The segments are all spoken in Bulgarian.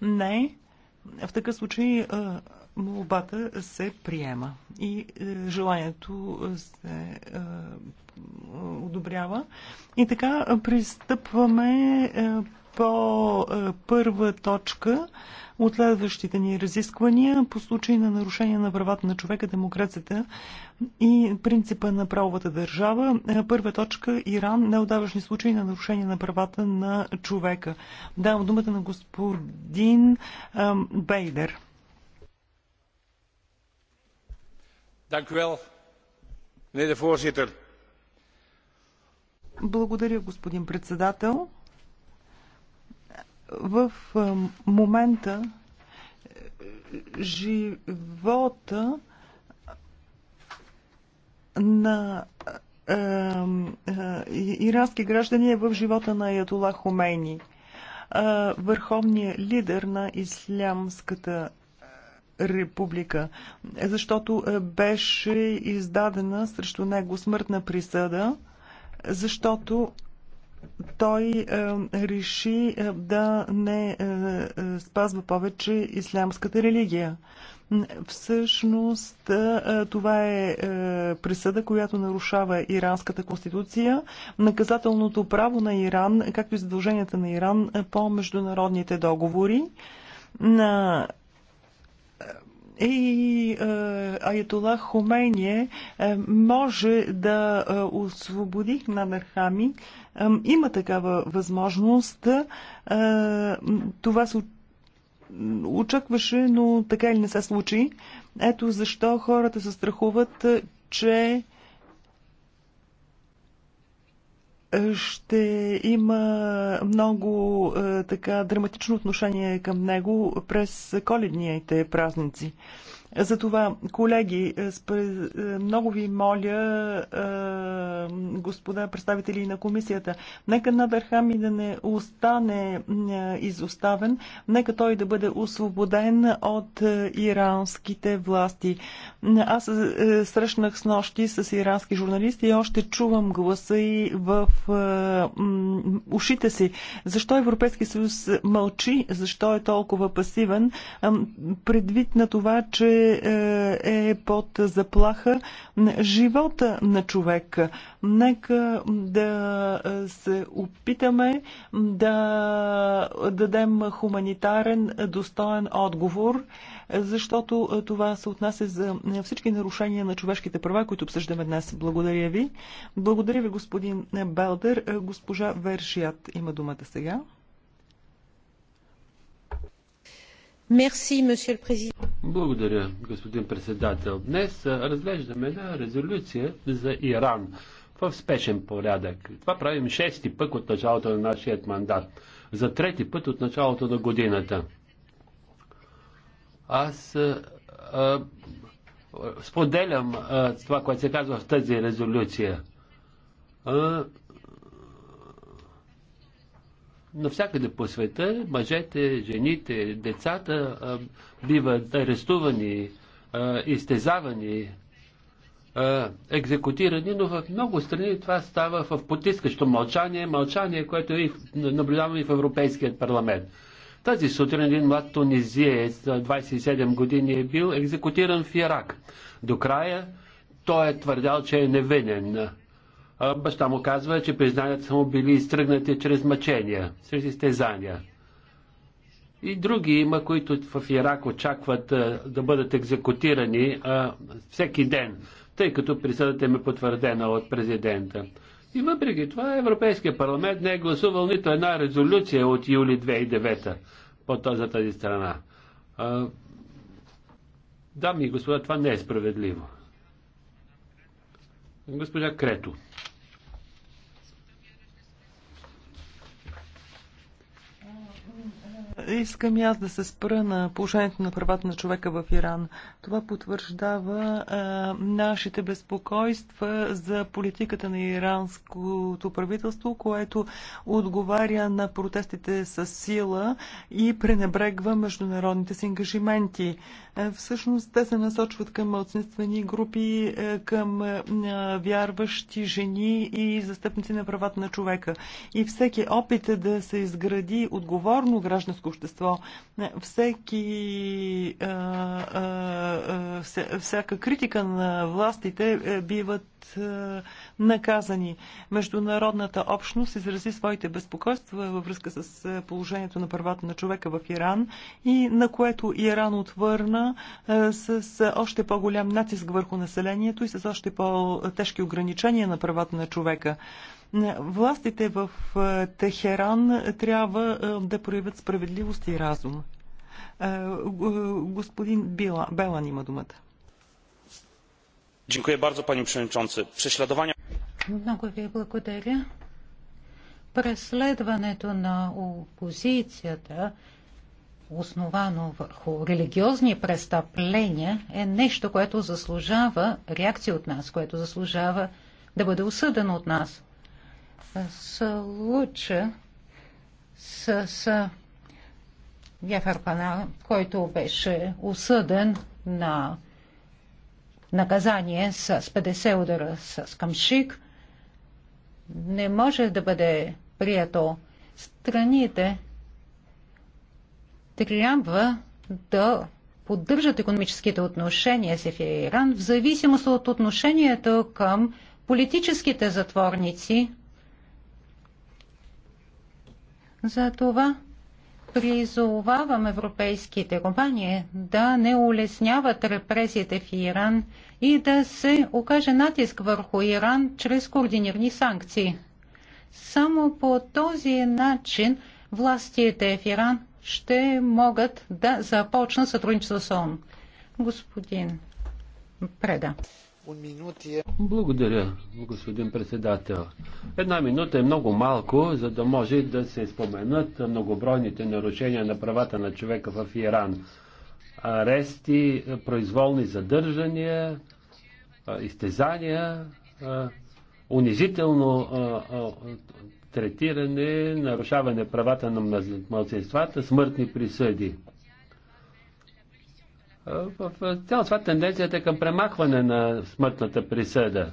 Не. В такъв случай молбата се приема и е, желанието се е, одобрява. И така е, пристъпваме по първа точка от следващите ни разисквания по случай на нарушение на правата на човека, демокрацията и принципа на правовата държава. Първа точка Иран неодавашни случаи на нарушение на правата на човека. Давам думата на господин Бейдер. Благодаря, господин председател. В е, момента е, живота на е, ирански граждани е в живота на Аятола Хомейни, върховният лидер на ислямската република, защото е, беше издадена срещу него смъртна присъда, защото той е, реши е, да не е, е, спазва повече ислямската религия. Всъщност това е присъда, която нарушава иранската конституция, наказателното право на Иран, както и задълженията на Иран по международните договори. На и е, Аятола Хомейния е, може да е, освободи на Хами. Има такава възможност. Това се очакваше, но така или не се случи. Ето защо хората се страхуват, че ще има много е, така драматично отношение към него през коледните празници. Затова, колеги, е, е, много ви моля, е, господа представители на комисията, нека Хами да не остане изоставен, нека той да бъде освободен от иранските власти. Аз срещнах с нощи с ирански журналисти и още чувам гласа и в ушите си. Защо Европейски съюз мълчи? Защо е толкова пасивен? Предвид на това, че е, е под заплаха живота на човека. Нека да е, се опитаме да дадем хуманитарен, достоен отговор, защото това се отнася за всички нарушения на човешките права, които обсъждаме днес. Благодаря ви. Благодаря ви, господин Белдер. Госпожа Вершият има думата сега. Благодаря, господин председател. Днес разглеждаме една резолюция за Иран в спешен порядък. Това правим шести път от началото на нашия мандат. За трети път от началото на годината. Аз а, а, споделям а, това, което се казва в тази резолюция. А, Навсякъде по света мъжете, жените, децата биват арестувани, изтезавани, екзекутирани, но в много страни това става в потискащо мълчание, мълчание, което и наблюдаваме и в Европейският парламент. Тази сутрин един млад тунизиец, 27 години е бил екзекутиран в Ирак. До края той е твърдял, че е невинен баща му казва, че признанията са му били изтръгнати чрез мъчения, чрез изтезания. И други има, които в Ирак очакват а, да бъдат екзекутирани а, всеки ден, тъй като присъдата им е потвърдена от президента. И въпреки това Европейския парламент не е гласувал нито една резолюция от юли 2009 по този тази страна. А, дами и господа, това не е справедливо. Госпожа Крето. Искам и аз да се спра на положението на правата на човека в Иран. Това потвърждава а, нашите безпокойства за политиката на иранското правителство, което отговаря на протестите с сила и пренебрегва международните си ангажименти. всъщност те се насочват към младсинствени групи, към вярващи жени и застъпници на правата на човека. И всеки опит да се изгради отговорно гражданско общество. Всеки, всяка критика на властите е, биват наказани. Международната общност изрази своите безпокойства във връзка с положението на правата на човека в Иран и на което Иран отвърна с още по-голям натиск върху населението и с още по-тежки ограничения на правата на човека. Властите в Техеран трябва да проявят справедливост и разум. Господин Белан има думата. Dziękuję bardzo, panie przewodniczący. Prześladowania... Много ви благодаря. Преследването на опозицията, основано върху религиозни престъпления, е нещо, което заслужава реакция от нас, което заслужава да бъде осъдено от нас луча с, с Яфар Пана, който беше осъден на наказание с 50 удара с камшик, не може да бъде прието. Страните трябва да поддържат економическите отношения с Ефия Иран в зависимост от отношението към политическите затворници – затова призовавам европейските компании да не улесняват репресиите в Иран и да се окаже натиск върху Иран чрез координирани санкции. Само по този начин властите в Иран ще могат да започнат сътрудничество с ООН. Господин Преда. E- Благодаря, господин председател. Една минута е много малко, за да може да се споменат многобройните нарушения на правата на човека в Иран. Арести, произволни задържания, изтезания, унизително третиране, нарушаване правата на младсинствата, смъртни присъди. В цял това тенденцията е към премахване на смъртната присъда.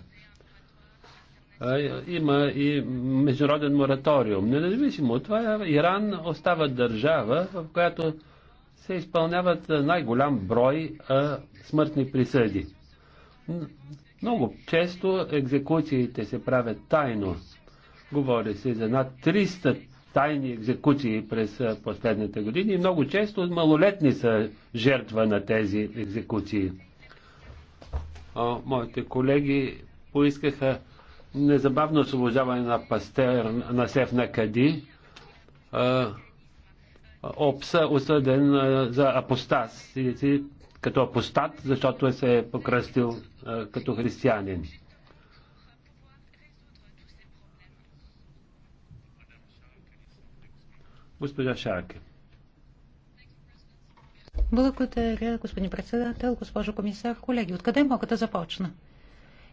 Има и международен мораториум. Независимо от това, Иран остава държава, в която се изпълняват най-голям брой смъртни присъди. Много често екзекуциите се правят тайно. Говори се за над 300 тайни екзекуции през последните години и много често малолетни са жертва на тези екзекуции. Моите колеги поискаха незабавно освобождаване на пастер на Сефна Кади, опса осъден за апостас, като апостат, защото се е покръстил като християнин. Госпожа Шарке. Благодаря, господин председател, госпожо комисар, колеги. Откъде мога да започна?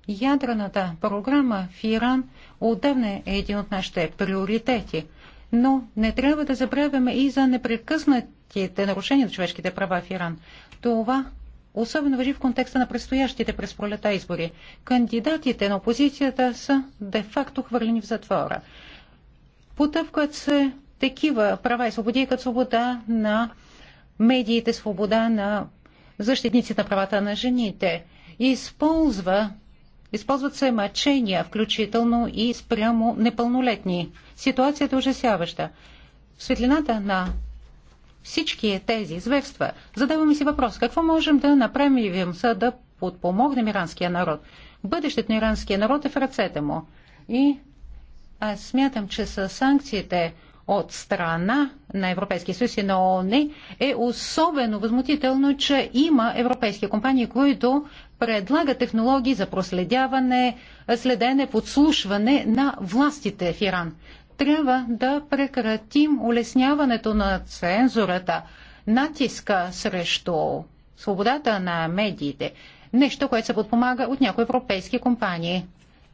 Ядрената програма в Иран отдавна е един от нашите приоритети, но не трябва да забравяме и за непрекъснатите нарушения на човешките права в Иран. Това особено въжи в контекста на предстоящите през пролета избори. Кандидатите на опозицията са де-факто хвърлени в затвора. Потъпкват се такива права и свободи, като свобода на медиите, свобода на защитниците на правата на жените. Използва, използват се мъчения, включително и спрямо непълнолетни. Ситуацията е ужасяваща. В светлината на всички тези известства, задаваме си въпрос, какво можем да направим, за да подпомогнем иранския народ. Бъдещето на иранския народ е в ръцете му. И аз смятам, че с санкциите, от страна на Европейския съюз и на ООН е особено възмутително, че има европейски компании, които предлагат технологии за проследяване, следене, подслушване на властите в Иран. Трябва да прекратим улесняването на цензурата, натиска срещу свободата на медиите, нещо, което се подпомага от някои европейски компании.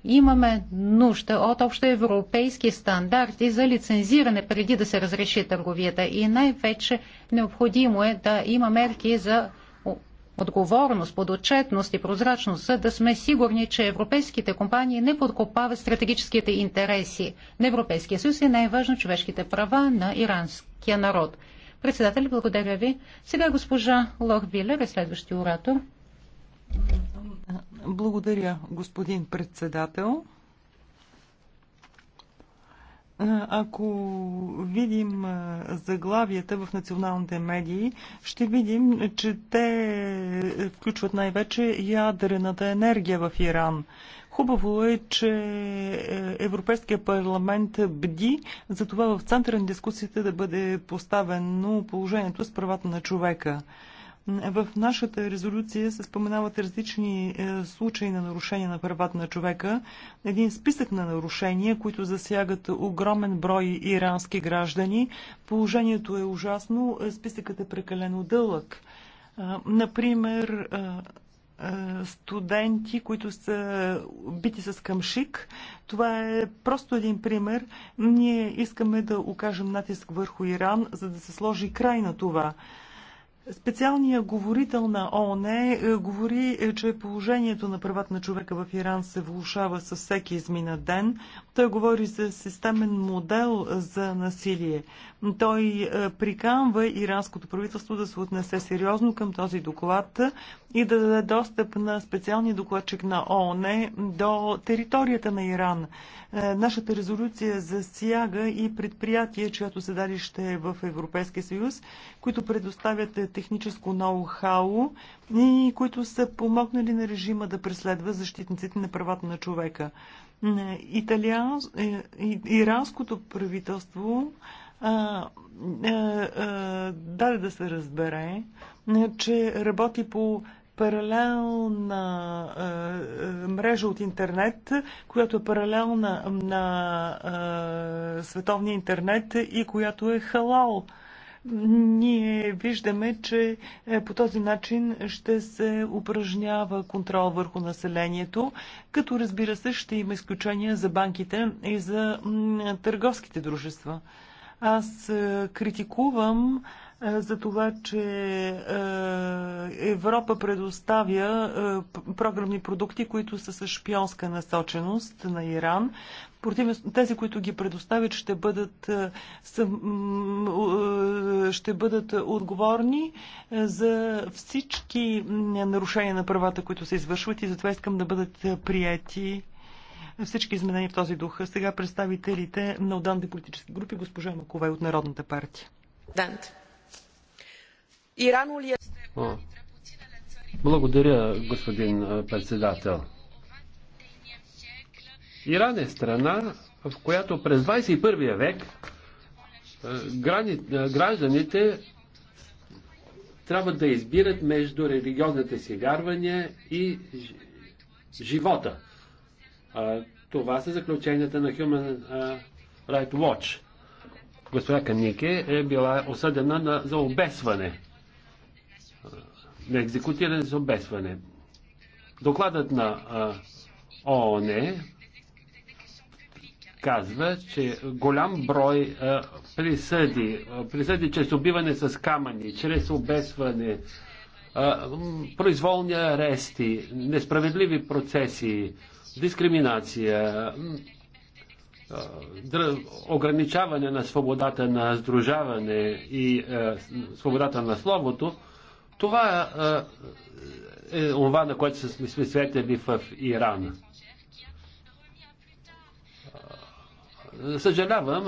Имаме нужда от общоевропейски стандарти за лицензиране преди да се разреши търговията и най-вече необходимо е да има мерки за отговорност, подотчетност и прозрачност, за да сме сигурни, че европейските компании не подкопават стратегическите интереси на Европейския съюз и най-важно човешките права на иранския народ. Председател, благодаря ви. Сега госпожа Лох Билер е следващия оратор. Благодаря, господин председател. Ако видим заглавията в националните медии, ще видим, че те включват най-вече ядрената енергия в Иран. Хубаво е, че е, Европейския парламент бди за това в центъра на дискусията да бъде поставено положението с правата на човека. В нашата резолюция се споменават различни е, случаи на нарушения на правата на човека. Един списък на нарушения, които засягат огромен брой ирански граждани. Положението е ужасно, е, списъкът е прекалено дълъг. Е, например, студенти, които са бити с къмшик. Това е просто един пример. Ние искаме да окажем натиск върху Иран, за да се сложи край на това. Специалният говорител на ООН е, говори, е, че положението на правата на човека в Иран се влушава със всеки измина ден. Той говори за системен модел за насилие. Той е, приканва иранското правителство да се отнесе сериозно към този доклад и да даде достъп на специалния докладчик на ООН до територията на Иран. Е, нашата резолюция засяга и предприятия, чието седалище е в Европейския съюз, които предоставят техническо ноу-хау и които са помогнали на режима да преследва защитниците на правата на човека. Е, италиан... Иранското правителство а, а, а, даде да се разбере, че работи по паралелна а, мрежа от интернет, която е паралелна на а, световния интернет и която е халал. Ние виждаме, че е, по този начин ще се упражнява контрол върху населението, като разбира се ще има изключения за банките и за търговските дружества. Аз е, критикувам е, за това, че е, Европа предоставя програмни продукти, които са с шпионска насоченост на Иран. Против тези, които ги предоставят, ще бъдат, ще бъдат отговорни за всички нарушения на правата, които се извършват и затова искам да бъдат прияти всички изменения в този дух. Сега представителите на отделните политически групи, госпожа Макове от Народната партия. Дант. ли е... Благодаря, господин председател. Иран е страна, в която през 21 век грани... гражданите трябва да избират между религиозните си вярвания и живота. Това са заключенията на Human Right Watch. Госпожа Канике е била осъдена на, за обесване. На екзекутиране за обесване. Докладът на ООН казва, че голям брой а, присъди, а, присъди чрез убиване с камъни, чрез обесване, а, произволни арести, несправедливи процеси, дискриминация, ограничаване на свободата на сдружаване и е, свободата на словото, това е това, на което сме светели в Иран. Съжалявам,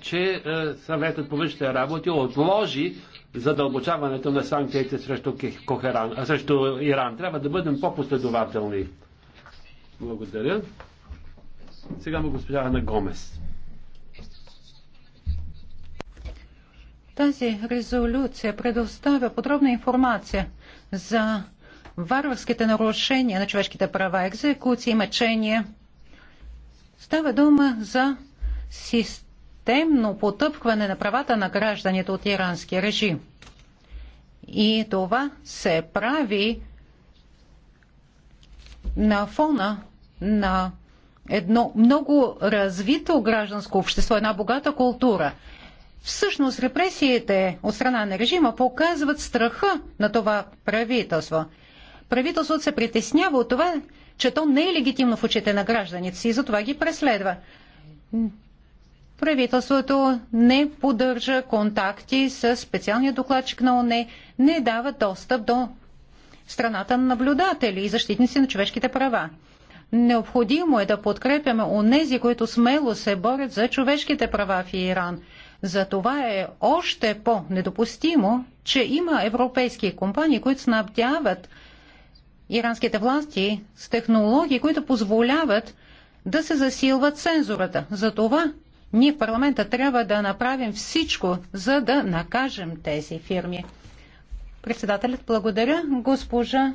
че съветът по външните работи отложи задълбочаването на санкциите срещу, Кохеран, срещу Иран. Трябва да бъдем по-последователни. Благодаря. Сега му госпожа Ана Гомес. Тази резолюция предоставя подробна информация за варварските нарушения на човешките права, екзекуции, мъчения. Става дума за системно потъпкване на правата на гражданите от иранския режим. И това се прави на фона на едно много развито гражданско общество, една богата култура. Всъщност репресиите от страна на режима показват страха на това правителство. Правителството се притеснява от това, че то не е легитимно в очите на гражданите си и затова ги преследва. Правителството не поддържа контакти с специалния докладчик на ОНЕ, не дава достъп до страната на наблюдатели и защитници на човешките права. Необходимо е да подкрепяме онези, които смело се борят за човешките права в Иран. Затова е още по-недопустимо, че има европейски компании, които снабдяват иранските власти с технологии, които позволяват да се засилват цензурата. Затова ние в парламента трябва да направим всичко, за да накажем тези фирми. Председателят благодаря. Госпожа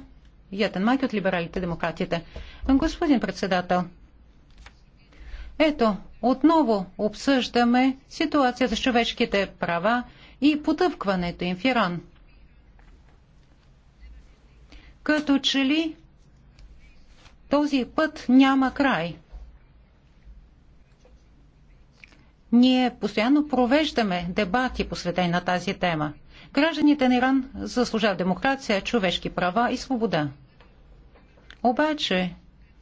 Майк от либералите демократите. Господин председател, ето, отново обсъждаме ситуацията с човешките права и потъпкването им в Иран. Като че ли този път няма край. Ние постоянно провеждаме дебати, посветени на тази тема – Гражданите на Иран заслужават демокрация, човешки права и свобода. Обаче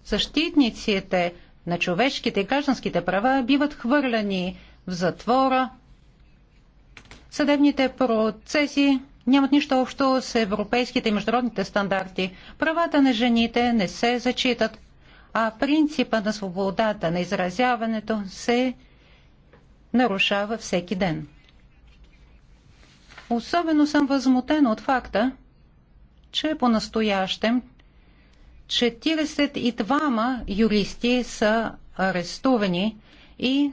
защитниците на човешките и гражданските права биват хвърляни в затвора. Съдебните процеси нямат нищо общо с европейските и международните стандарти. Правата на жените не се зачитат, а принципа на свободата на изразяването се нарушава всеки ден. Особено съм възмутен от факта, че по-настоящем 42 юристи са арестувани и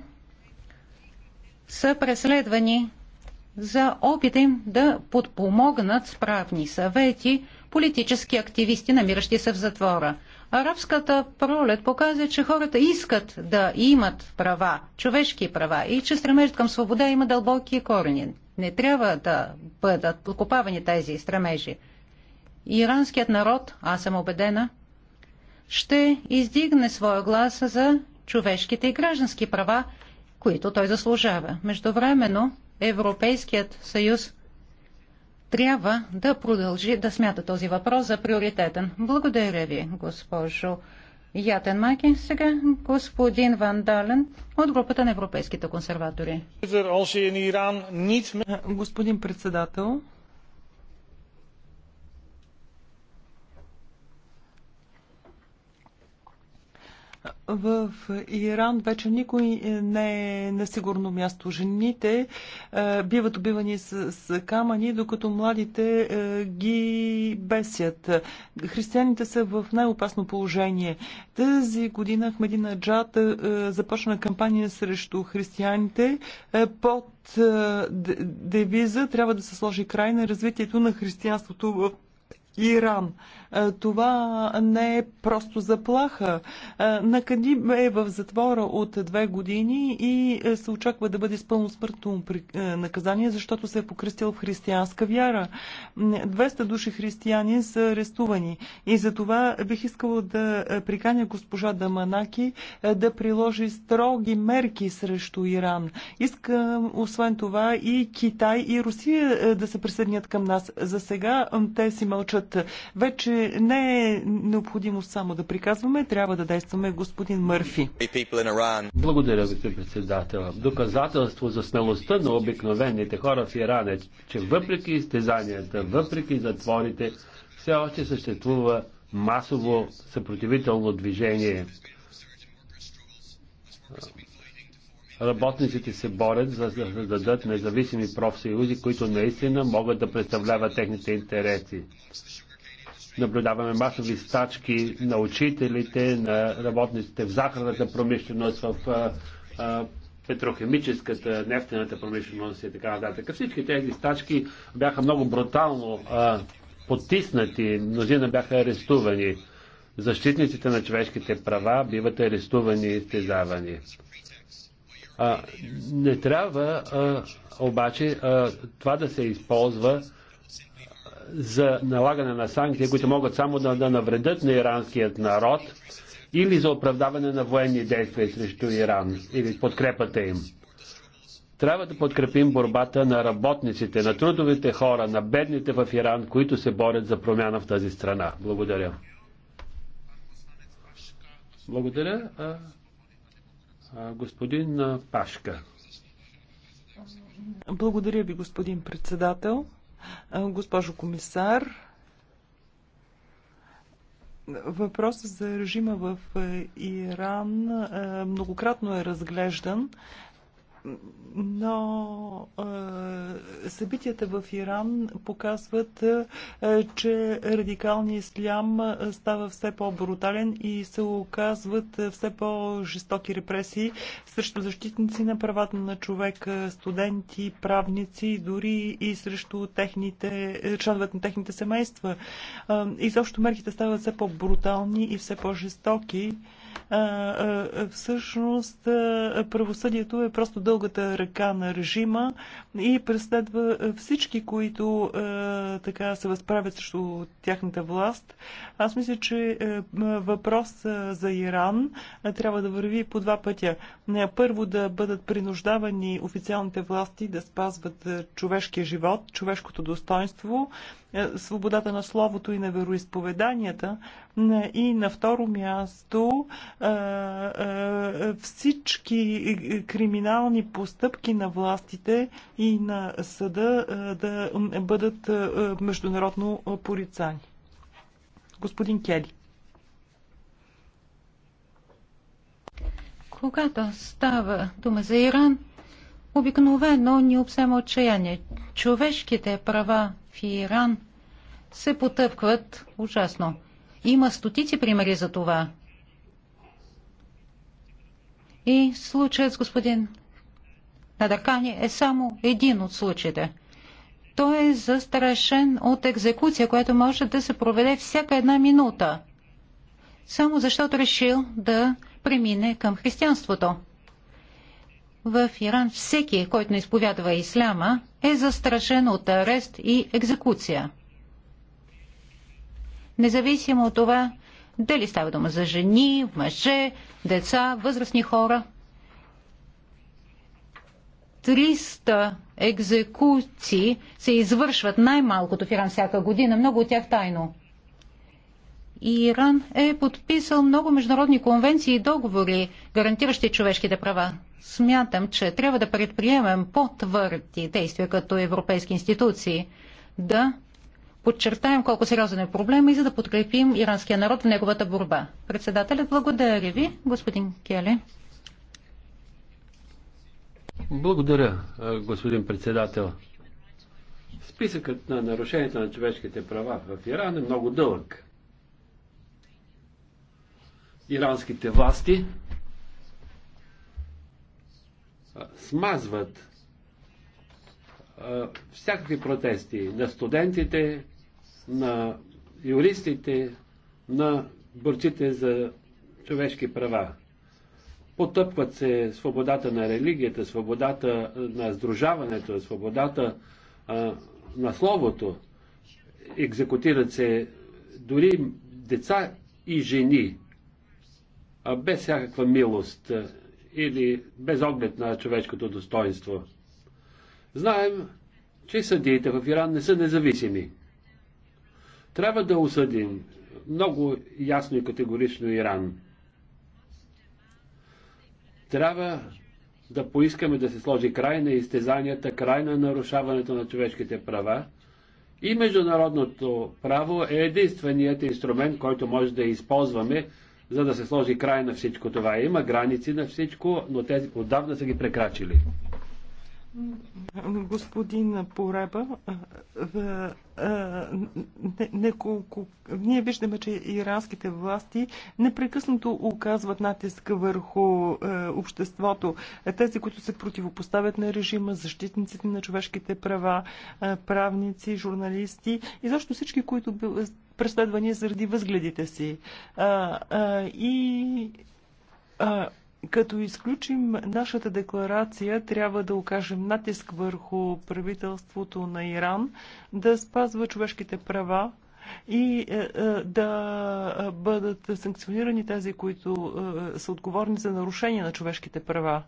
са преследвани за опита им да подпомогнат справни съвети политически активисти, намиращи се в затвора. Арабската пролет показва, че хората искат да имат права, човешки права и че стремежът към свобода има дълбоки корени. Не трябва да бъдат покупавани тези стремежи. Иранският народ, аз съм убедена, ще издигне своя глас за човешките и граждански права, които той заслужава. Междувременно Европейският съюз трябва да продължи да смята този въпрос за приоритетен. Благодаря ви, госпожо Ятен Маки, Сега господин Ван Дален от групата на европейските консерватори. Er господин председател, В Иран вече никой не е на сигурно място. Жените е, биват убивани с, с камъни, докато младите е, ги бесят. Християните са в най-опасно положение. Тази година медина Джад е, започна кампания срещу християните е, под е, девиза трябва да се сложи край на развитието на християнството в Иран. Това не е просто заплаха. Накадим е в затвора от две години и се очаква да бъде с пълно смъртно наказание, защото се е покръстил в християнска вяра. 200 души християни са арестувани. И за това бих искала да приканя госпожа Даманаки да приложи строги мерки срещу Иран. Искам, освен това, и Китай и Русия да се присъединят към нас. За сега те си мълчат съд. Вече не е необходимо само да приказваме, трябва да действаме господин Мърфи. Благодаря, господин председател. Доказателство за смелостта на обикновените хора в Иран е, че въпреки изтезанията, въпреки затворите, все още съществува масово съпротивително движение работниците се борят за да създадат независими профсъюзи, които наистина могат да представляват техните интереси. Наблюдаваме масови стачки на учителите, на работниците в захарната промишленост, в петрохимическата, нефтената промишленост и така нататък. Всички тези стачки бяха много брутално а, потиснати, мнозина бяха арестувани. Защитниците на човешките права биват арестувани и стезавани. А, не трябва а, обаче а, това да се използва за налагане на санкции, които могат само да, да навредят на иранският народ или за оправдаване на военни действия срещу Иран или подкрепата им. Трябва да подкрепим борбата на работниците, на трудовите хора, на бедните в Иран, които се борят за промяна в тази страна. Благодаря. Благодаря. Господин Пашка. Благодаря ви, господин председател. Госпожо комисар, въпросът за режима в Иран многократно е разглеждан но събитията в Иран показват, че радикалният ислям става все по-брутален и се оказват все по-жестоки репресии срещу защитници на правата на човека, студенти, правници, дори и срещу техните, членовете на техните семейства. И също мерките стават все по-брутални и все по-жестоки. Всъщност правосъдието е просто да дългата ръка на режима и преследва е, всички, които е, така се възправят срещу тяхната власт. Аз мисля, че е, въпрос за Иран трябва да върви по два пътя. Първо да бъдат принуждавани официалните власти да спазват човешкия живот, човешкото достоинство, свободата на словото и на вероисповеданията. И на второ място всички криминални конкретни постъпки на властите и на съда да бъдат международно порицани. Господин Кели. Когато става дума за Иран, обикновено ни обсема отчаяние. Човешките права в Иран се потъпкват ужасно. Има стотици примери за това. И случаят с господин на Даркани е само един от случаите. Той е застрашен от екзекуция, която може да се проведе всяка една минута, само защото решил да премине към християнството. В Иран всеки, който не изповядва исляма, е застрашен от арест и екзекуция. Независимо от това, дали става дума за жени, мъже, деца, възрастни хора – 300 екзекуции се извършват най-малкото в Иран всяка година, много от тях тайно. Иран е подписал много международни конвенции и договори, гарантиращи човешките права. Смятам, че трябва да предприемем по-твърди действия като европейски институции, да подчертаем колко сериозен е проблема и за да подкрепим иранския народ в неговата борба. Председателят, благодаря ви, господин Келе. Благодаря, господин председател. Списъкът на нарушенията на човешките права в Иран е много дълъг. Иранските власти смазват всякакви протести на студентите, на юристите, на борците за човешки права. Потъпват се свободата на религията, свободата на сдружаването, свободата а, на словото. Екзекутират се дори деца и жени а, без всякаква милост а, или без оглед на човешкото достоинство. Знаем, че съдиите в Иран не са независими. Трябва да осъдим много ясно и категорично Иран. Трябва да поискаме да се сложи край на изтезанията, край на нарушаването на човешките права. И международното право е единственият инструмент, който може да използваме, за да се сложи край на всичко това. Има граници на всичко, но тези отдавна са ги прекрачили господин Пореба, неколко... Ние виждаме, че иранските власти непрекъснато оказват натиск върху обществото. Тези, които се противопоставят на режима, защитниците на човешките права, правници, журналисти и защо всички, които преследвани заради възгледите си. И като изключим нашата декларация, трябва да окажем натиск върху правителството на Иран да спазва човешките права и е, е, да е, бъдат санкционирани тези, които са отговорни за нарушение на човешките права.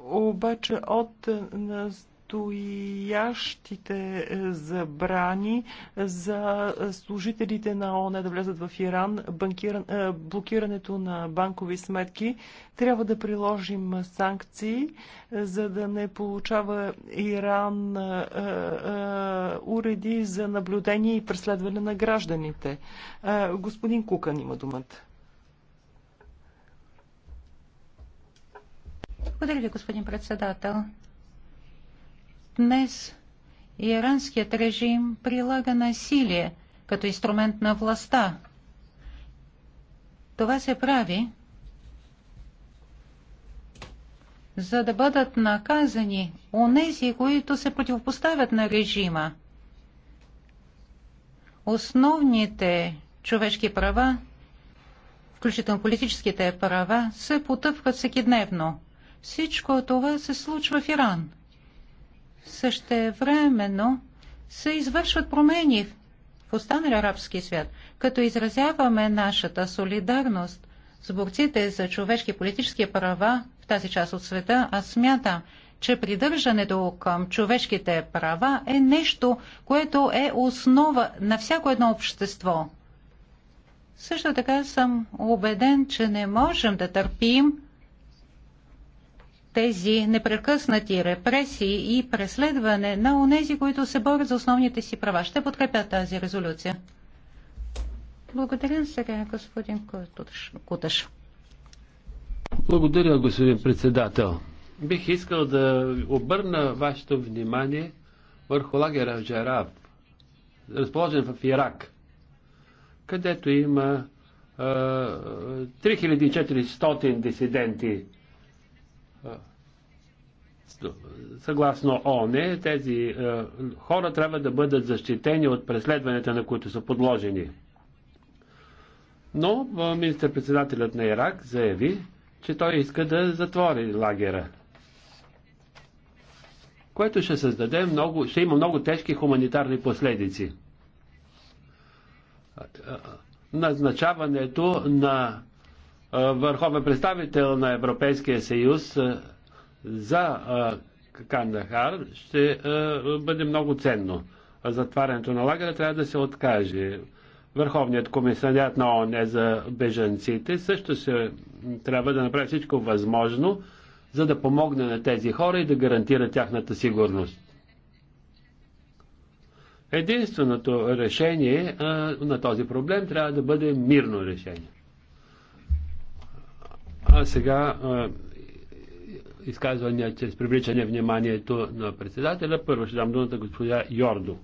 Обаче от нас предстоящите е, забрани за служителите на ООН да влезат в Иран, банкиран, е, блокирането на банкови сметки, трябва да приложим санкции, е, за да не получава Иран уреди за наблюдение и преследване на гражданите. Господин Кукан има думата. Благодаря ви, господин председател. Днес иранският режим прилага насилие като инструмент на властта. Това се прави, за да бъдат наказани онези, които се противопоставят на режима. Основните човешки права, включително политическите права, се потъпват всекидневно. Всичко това се случва в Иран. Същевременно се извършват промени в останалия арабски свят, като изразяваме нашата солидарност с борците за човешки и политически права в тази част от света, аз смятам, че придържането към човешките права е нещо, което е основа на всяко едно общество. Също така съм убеден, че не можем да търпим тези непрекъснати репресии и преследване на онези, които се борят за основните си права. Ще подкрепя тази резолюция. Благодаря сега, господин Куташ. Благодаря, господин председател. Бих искал да обърна вашето внимание върху лагера Джараб, разположен в Ирак, където има 3400 дисиденти, Съгласно ООН, тези хора трябва да бъдат защитени от преследванията, на които са подложени. Но министър-председателят на Ирак заяви, че той иска да затвори лагера. Което ще създаде много, ще има много тежки хуманитарни последици назначаването на върховен представител на Европейския съюз за Кандахар ще бъде много ценно. Затварянето на лагера трябва да се откаже. Върховният комисарят на ООН е за бежанците също се трябва да направи всичко възможно, за да помогне на тези хора и да гарантира тяхната сигурност. Единственото решение а, на този проблем трябва да бъде мирно решение. А сега изказвания чрез привличане вниманието на председателя. Първо ще дам думата господя Йордо.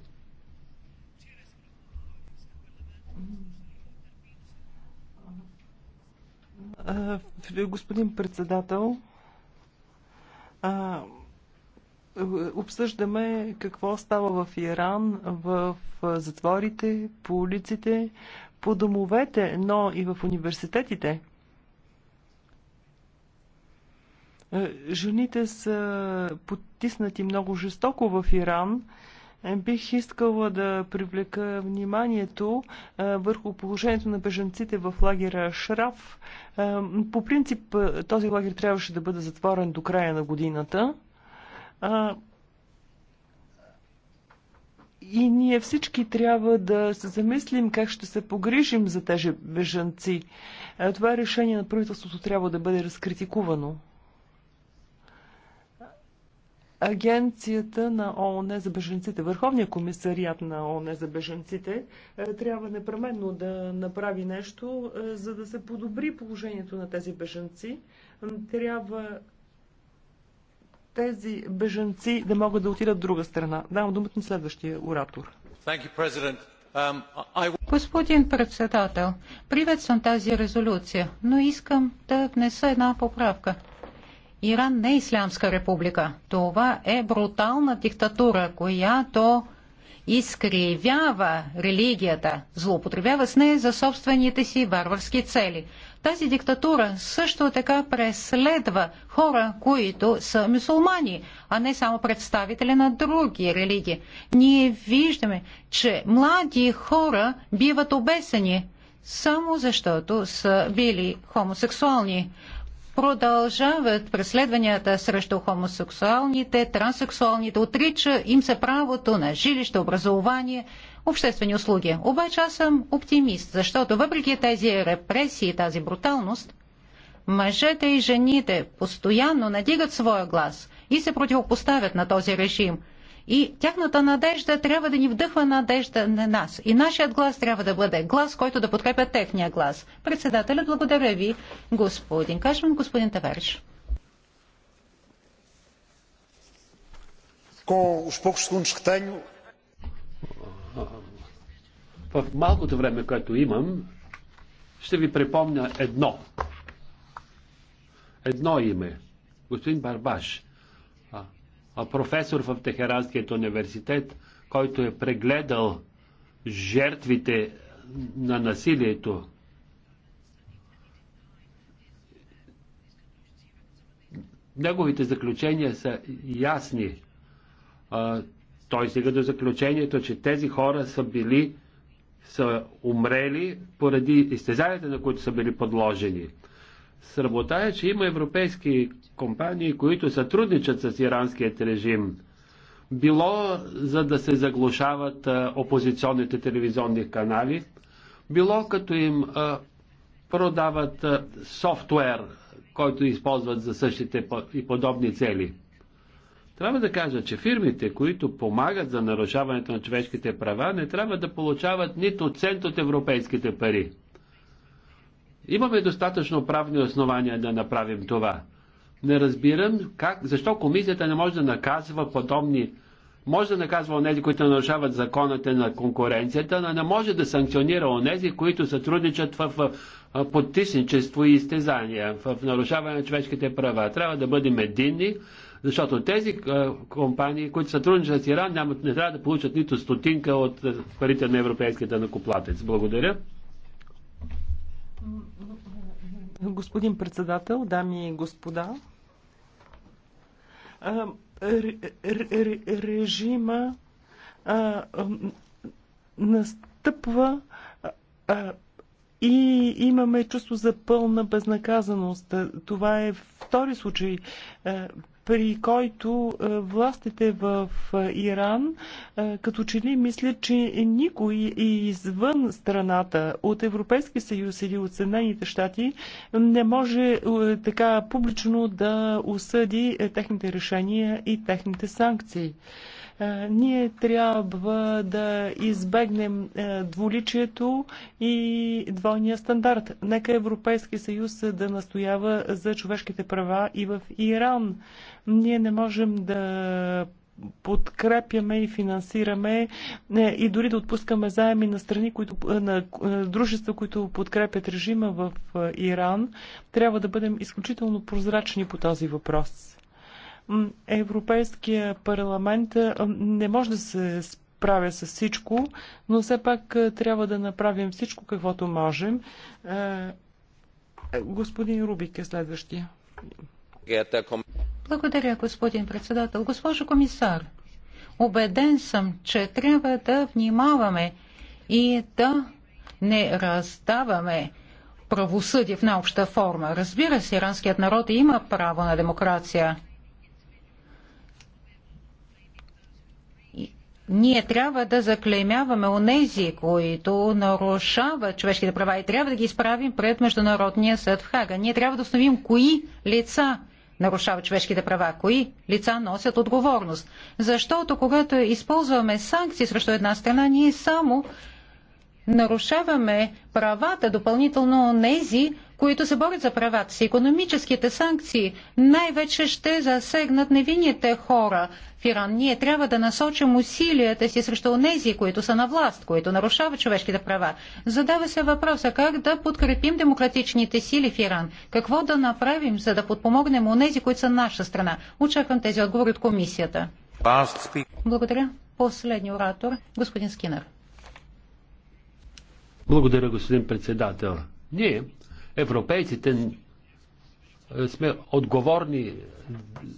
Господин председател, обсъждаме какво става в Иран, в затворите, по улиците, по домовете, но и в университетите. Е, жените са потиснати много жестоко в Иран. Е, бих искала да привлека вниманието е, върху положението на бежанците в лагера Шраф. По принцип този лагер трябваше да бъде затворен до края на годината. И ние всички трябва да се замислим как ще се погрижим за тези бежанци. Това решение на правителството трябва да бъде разкритикувано. Агенцията на ООН за беженците, Върховния комисариат на ООН за беженците, е, трябва непременно да направи нещо, е, за да се подобри положението на тези беженци. Трябва тези беженци да могат да отидат в друга страна. Давам думата на следващия оратор. Um, Господин председател, приветствам тази резолюция, но искам да внеса една поправка – Иран не е Ислямска република. Това е брутална диктатура, която изкривява религията, злоупотребява с нея за собствените си варварски цели. Тази диктатура също така преследва хора, които са мусулмани, а не само представители на други религии. Ние виждаме, че млади хора биват обесени само защото са били хомосексуални продължават преследванията срещу хомосексуалните, транссексуалните, отрича им се правото на жилище, образование, обществени услуги. Обаче аз съм оптимист, защото въпреки тези репресии и тази бруталност, мъжете и жените постоянно надигат своя глас и се противопоставят на този режим – и тяхната надежда трябва да ни вдъхва надежда на нас. И нашият глас трябва да бъде глас, който да подкрепя техния глас. Председателя, благодаря ви, господин Кашман, господин Тавариш. в малкото време, което имам, ще ви припомня едно. Едно име. Господин Барбаш професор в Техеранският университет, който е прегледал жертвите на насилието. Неговите заключения са ясни. А, той стига до заключението, че тези хора са били, са умрели поради изтезанията, на които са били подложени срамота е, че има европейски компании, които сътрудничат с иранският режим. Било за да се заглушават опозиционните телевизионни канали, било като им продават софтуер, който използват за същите и подобни цели. Трябва да кажа, че фирмите, които помагат за нарушаването на човешките права, не трябва да получават нито цент от европейските пари. Имаме достатъчно правни основания да направим това. Не разбирам как, защо комисията не може да наказва подобни, може да наказва онези, които нарушават законите на конкуренцията, но не може да санкционира онези, които сътрудничат в подтисничество и изтезания, в нарушаване на човешките права. Трябва да бъдем единни, защото тези е, компании, които сътрудничат с Иран, не трябва да получат нито стотинка от е, парите на европейските накоплатец. Благодаря. Господин председател, дами и господа, режима настъпва и имаме чувство за пълна безнаказаност. Това е втори случай при който е, властите в е, Иран е, като че ли мислят, че никой извън страната от Европейски съюз или от Съединените щати не може така публично да осъди техните решения и техните санкции. Е, ние трябва да избегнем е, дволичието и двойния стандарт. Нека Европейски съюз да настоява за човешките права и в Иран. Ние не можем да подкрепяме и финансираме е, и дори да отпускаме заеми на страни, които, на дружества, които подкрепят режима в Иран. Трябва да бъдем изключително прозрачни по този въпрос. Европейския парламент не може да се справя с всичко, но все пак трябва да направим всичко, каквото можем. Господин Рубик е следващия. Благодаря, господин председател. Госпожо комисар, убеден съм, че трябва да внимаваме и да не раздаваме правосъдие в наобща форма. Разбира се, иранският народ има право на демокрация. ние трябва да заклеймяваме онези, които нарушават човешките права и трябва да ги изправим пред Международния съд в Хага. Ние трябва да установим кои лица нарушават човешките права, кои лица носят отговорност. Защото когато използваме санкции срещу една страна, ние само нарушаваме правата допълнително онези, които се борят за правата си. Економическите санкции най-вече ще засегнат невинните хора в Иран. Ние трябва да насочим усилията си срещу онези, които са на власт, които нарушават човешките права. Задава се въпроса как да подкрепим демократичните сили в Иран. Какво да направим, за да подпомогнем онези, които са наша страна. Очаквам тези отговори от комисията. Благодаря. Последни оратор, господин Скинер. Благодаря, господин председател. Ние европейците сме отговорни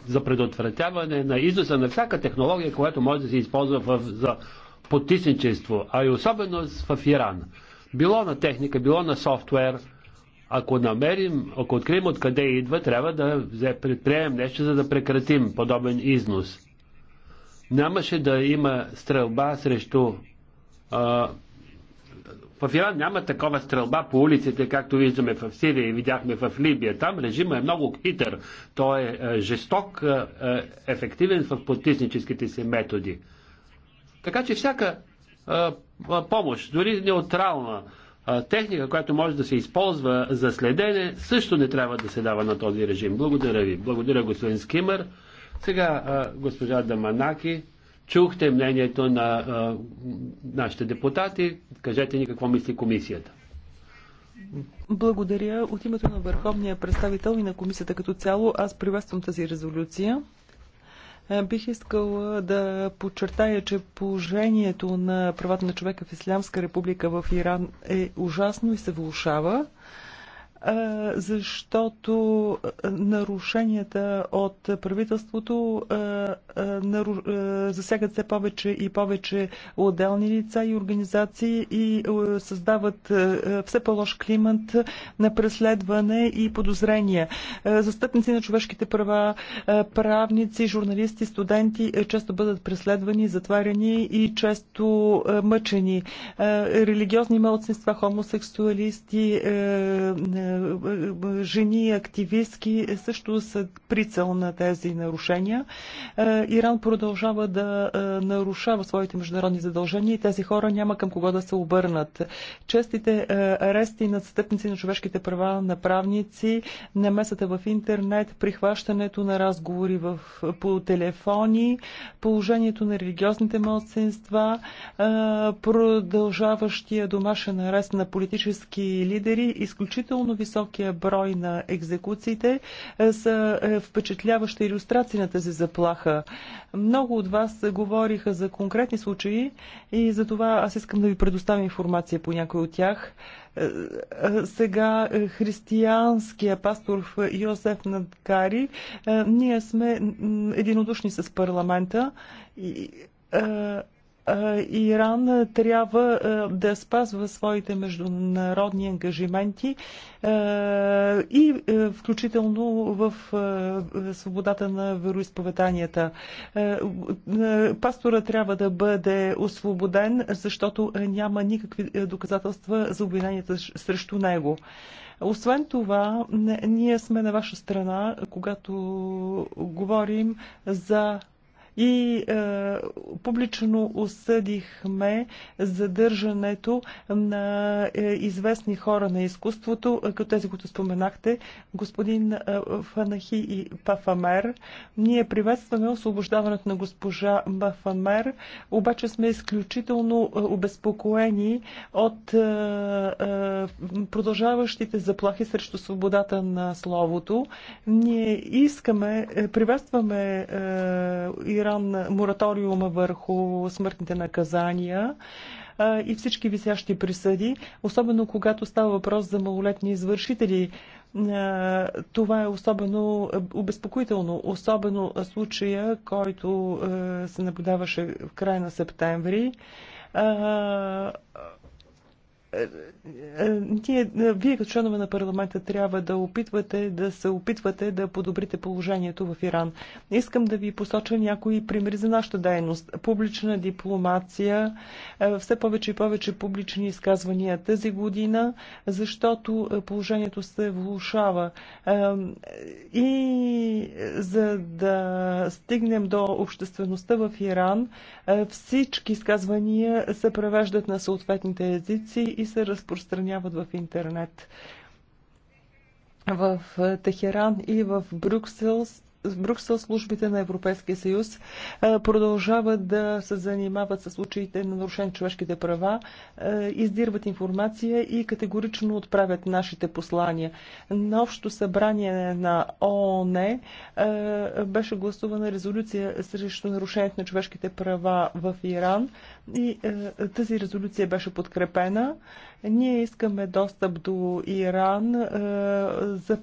за предотвратяване на износа на всяка технология, която може да се използва в, за потисничество, а и особено в Иран. Било на техника, било на софтуер. Ако намерим, ако открием откъде идва, трябва да предприемем нещо, за да прекратим подобен износ. Нямаше да има стрелба срещу а, в Иран няма такова стрелба по улиците, както виждаме в Сирия и видяхме в Либия. Там режима е много хитър. Той е, е жесток, е, е, ефективен в политическите си методи. Така че всяка помощ, дори неутрална техника, която може да се използва за следене, също не трябва да се дава на този режим. Благодаря ви. Благодаря господин Скимър. Сега госпожа Даманаки. Чухте мнението на а, нашите депутати. Кажете ни какво мисли комисията. Благодаря. От името на Върховния представител и на комисията като цяло, аз приветствам тази резолюция. Бих искала да подчертая, че положението на правата на човека в Ислямска република в Иран е ужасно и се влушава защото нарушенията от правителството засягат все повече и повече отделни лица и организации и създават все по-лош климат на преследване и подозрения. Застъпници на човешките права, правници, журналисти, студенти е, често бъдат преследвани, затваряни и често мъчени. Религиозни малцинства, хомосексуалисти, е, е, жени активистки също са прицел на тези нарушения. Е, Иран продължава да е, нарушава своите международни задължения и тези хора няма към кого да се обърнат. Честите е, арести на стъпници на човешките права, на правници, намесата в интернет, прихващането на разговори в, по телефони, положението на религиозните младсинства, продължаващия домашен арест на политически лидери, изключително високия брой на екзекуциите е, са е, впечатляваща иллюстрация на тази заплаха. Много от вас говориха за конкретни случаи и за това аз искам да ви предоставя информация по някой от тях. Е, сега християнския пастор Йосеф Надкари, ние сме единодушни с парламента и Иран трябва да спазва своите международни ангажименти и включително в свободата на вероисповеданията. Пастора трябва да бъде освободен, защото няма никакви доказателства за обвиненията срещу него. Освен това, ние сме на ваша страна, когато говорим за и е, публично осъдихме задържането на е, известни хора на изкуството, е, като тези, които споменахте, господин е, Фанахи и Пафамер. Ние приветстваме освобождаването на госпожа Бафамер, обаче сме изключително е, обезпокоени от е, е, продължаващите заплахи срещу свободата на словото. Ние искаме, е, приветстваме е, Иран мораториума върху смъртните наказания и всички висящи присъди, особено когато става въпрос за малолетни извършители. Това е особено обезпокоително, особено случая, който се наблюдаваше в края на септември ние, вие като членове на парламента трябва да опитвате да се опитвате да подобрите положението в Иран. Искам да ви посоча някои примери за нашата дейност. Публична дипломация, е, все повече и повече публични изказвания тази година, защото е, положението се влушава. Е, и за да стигнем до обществеността в Иран, всички изказвания се превеждат на съответните езици и се разпространяват в интернет. В Техеран и в Брюксел в Брюксел службите на Европейския съюз продължават да се занимават с случаите на нарушени човешките права, издирват информация и категорично отправят нашите послания. На общо събрание на ООН беше гласувана резолюция срещу нарушението на човешките права в Иран и тази резолюция беше подкрепена. Ние искаме достъп до Иран е, за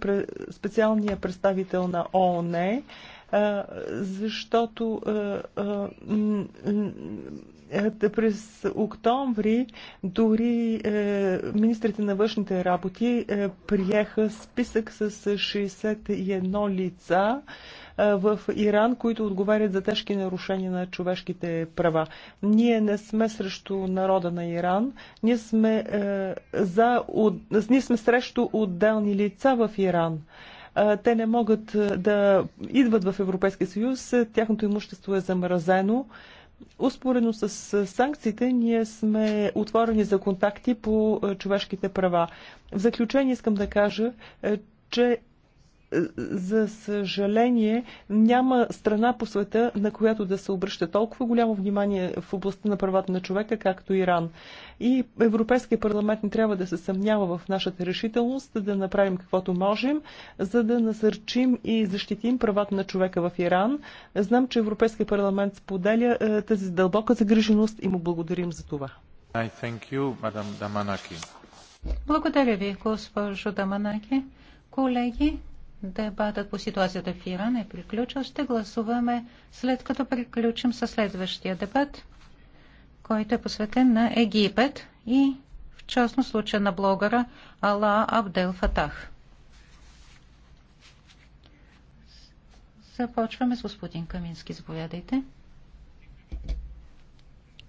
специалния представител на ООН, е, защото е, през октомври дори министрите на външните работи приеха списък с 61 лица, в Иран, които отговарят за тежки нарушения на човешките права. Ние не сме срещу народа на Иран, ние сме, е, за, от, ние сме срещу отделни лица в Иран те не могат е, да идват в Европейския съюз, тяхното имущество е замразено. Успоредно с санкциите ние сме отворени за контакти по е, човешките права. В заключение искам да кажа, че за съжаление, няма страна по света, на която да се обръща толкова голямо внимание в областта на правата на човека, както Иран. И Европейския парламент не трябва да се съмнява в нашата решителност да направим каквото можем, за да насърчим и защитим правата на човека в Иран. Знам, че Европейския парламент споделя е, тази дълбока загриженост и му благодарим за това. Благодаря ви, госпожо Даманаки. Колеги, Дебатът по ситуацията в Иран е приключил. Ще гласуваме след като приключим със следващия дебат, който е посветен на Египет и в частно случая на блогъра Ала Абдел Фатах. Започваме с господин Камински. Заповядайте.